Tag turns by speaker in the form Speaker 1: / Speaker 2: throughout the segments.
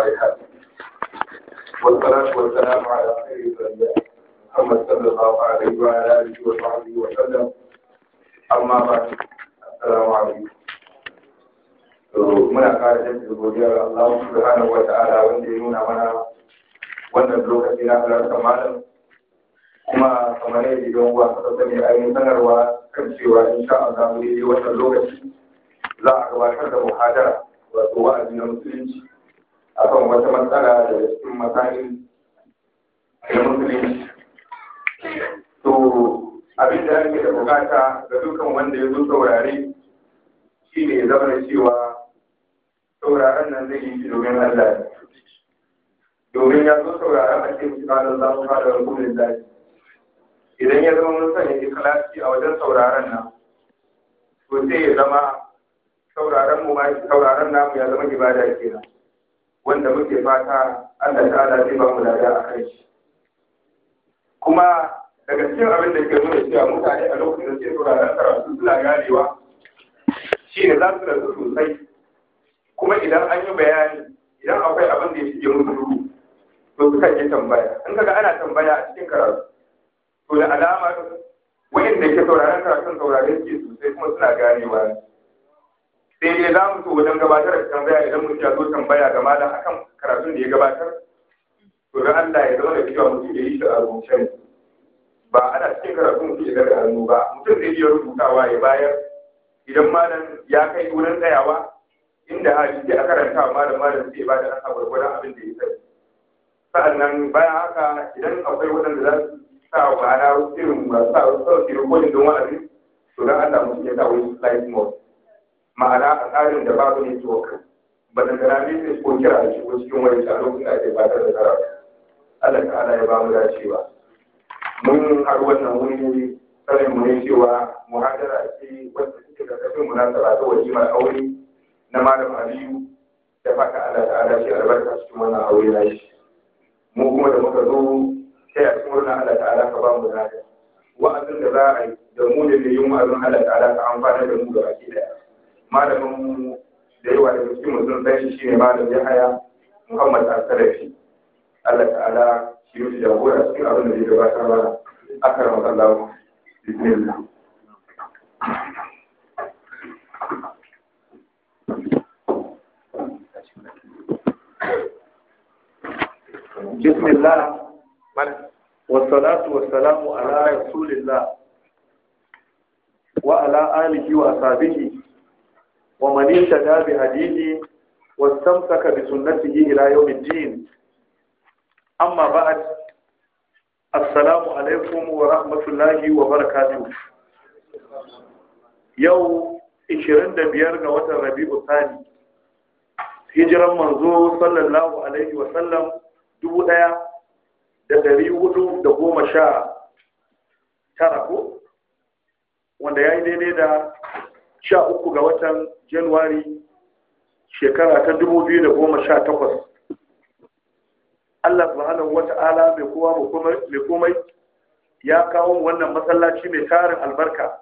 Speaker 1: وعليها والصلاة والسلام على خير الأنبياء محمد صلى الله عليه وعلى آله وصحبه وسلم أما بعد السلام عليكم muna kara jaddada godiya ga Allah subhanahu wata'ala wanda ya nuna mana wannan lokaci na halarta malam kuma kamar yadda don uwa ta sani ainihin sanarwa kan cewa in sha Allah mu yi wannan lokaci za a gabatar da muhadara wato wa'azi na musulunci akan wata matsala da cikin matsayin da musulunci to abin da ake da bukata ga dukkan wanda ya zo saurare shi ne zama cewa sauraren nan zai yi domin Allah domin ya zo sauraren a cikin misalin za su fada rukunin zaki idan ya zama mun sanya ikhlasi a wajen sauraren nan to sai ya zama sauraren mu ma sauraren namu ya zama ibada kenan wanda muke fata Allah ta'ala zai ba mu lada a kai shi kuma daga cikin abin da ke nuna cewa mutane a lokacin da suke sauraron karatu suna ganewa shi ne za su rasu sosai kuma idan an yi bayani idan akwai abin da ya shige musu ruru to suka yi tambaya in kaga ana tambaya a cikin karatu to da alamar wa'inda ke sauraron karatun saurare ke sosai kuma suna ganewa ne sai dai za mu so wajen gabatar da tambaya idan mun ya zo tambaya ga malam akan karatun da ya gabatar to da Allah ya zama da cewa mutum ya yi shi a rubutun ba ana cikin karatu mutum ya da hannu ba mutum zai iya rubutawa ya bayar idan malam ya kai wurin tsayawa inda hali ke a karanta malam malam zai ba da aka gwargwadon abin da ya sani sa'annan bayan haka idan akwai waɗanda za su sa wa ana irin masu sa wasu sauki rikodin don wa'azi to don Allah mutum ya sa wani slide mode ma'ana a tsarin da babu ne tuwa ba da karami ne ko kira da shi ko cikin wani a lokacin da ake fatar da karatu Allah ta'ala ya ba mu dacewa mun har wannan wuri sanin mu ne cewa muhadara ce wacce take da kafin munasaba ta mai aure na malam Aliyu da fata Allah ala shi albarka cikin wannan aure na shi mu kuma da muka zo sai a cikin wannan Allah ala ka ba mu dacewa wa'azin da za a yi da mu da yayin wa'azin Allah ala ka amfana da mu da baki daya malamin mu da yawa da cikin mutum san shi shine malam haya, Muhammad al Allah ta'ala shi ne jagora cikin abin da ya gabatar ba akan Allah bismillah بسم الله
Speaker 2: والصلاة والسلام على رسول الله وعلى آله وأصحابه ومن اهتدى بهديه واستمسك بسنته الى يوم الدين اما بعد السلام عليكم ورحمه الله وبركاته يوم 25 ga watan Rabi'u Thani hijiran manzo sallallahu alaihi wa sallam dubu da dari hudu da goma sha tara ko wanda yayi daidai da sha uku ga watan januwari shekara ta dubu biyu da goma sha takwas Allah subhanahu wata'ala mai kowa mai komai ya kawo wannan masallaci mai tarin albarka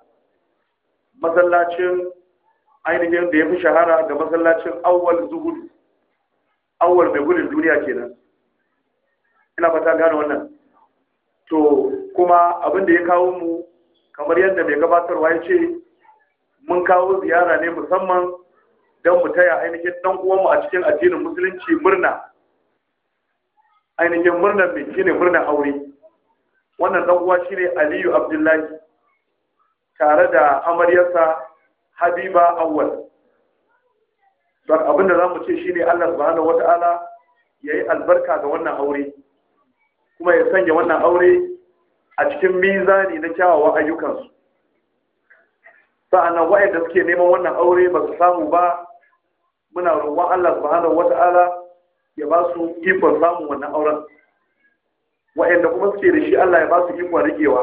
Speaker 2: masallacin ainihin da ya fi shahara da masallacin awwal zuhudu awwal mai gudun duniya kenan ina fata gane wannan to kuma abin da ya kawo mu kamar yadda mai gabatarwa ya ce mun kawo ziyara ne musamman don mu taya ainihin ɗan uwanmu a cikin addinin musulunci murna ainihin murnar mai shine murnar aure wannan ɗan uwa shine aliyu abdullahi tare da amaryarsa habiba awwal don abinda za mu ce shine allah subhanahu wata'ala ya yi albarka ga wannan aure kuma ya sanya wannan aure a cikin mizani na kyawawan ayyukansu sa'annan waɗanda suke neman wannan aure ba su samu ba muna roƙon Allah subhanahu wata'ala ya ba su ikon samun wannan auren waɗanda kuma suke da shi Allah ya ba su ikon rigewa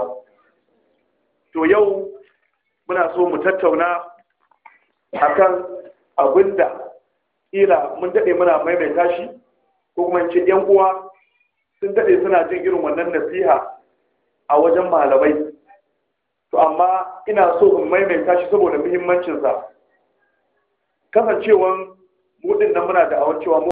Speaker 2: to yau muna so mu tattauna akan abinda ila mun daɗe muna maimaita shi ko kuma ce yan uwa sun daɗe suna jin irin wannan nasiha a wajen malamai to amma ina so in maimaita shi saboda muhimmancinsa kasancewan mudin nan muna da awon cewa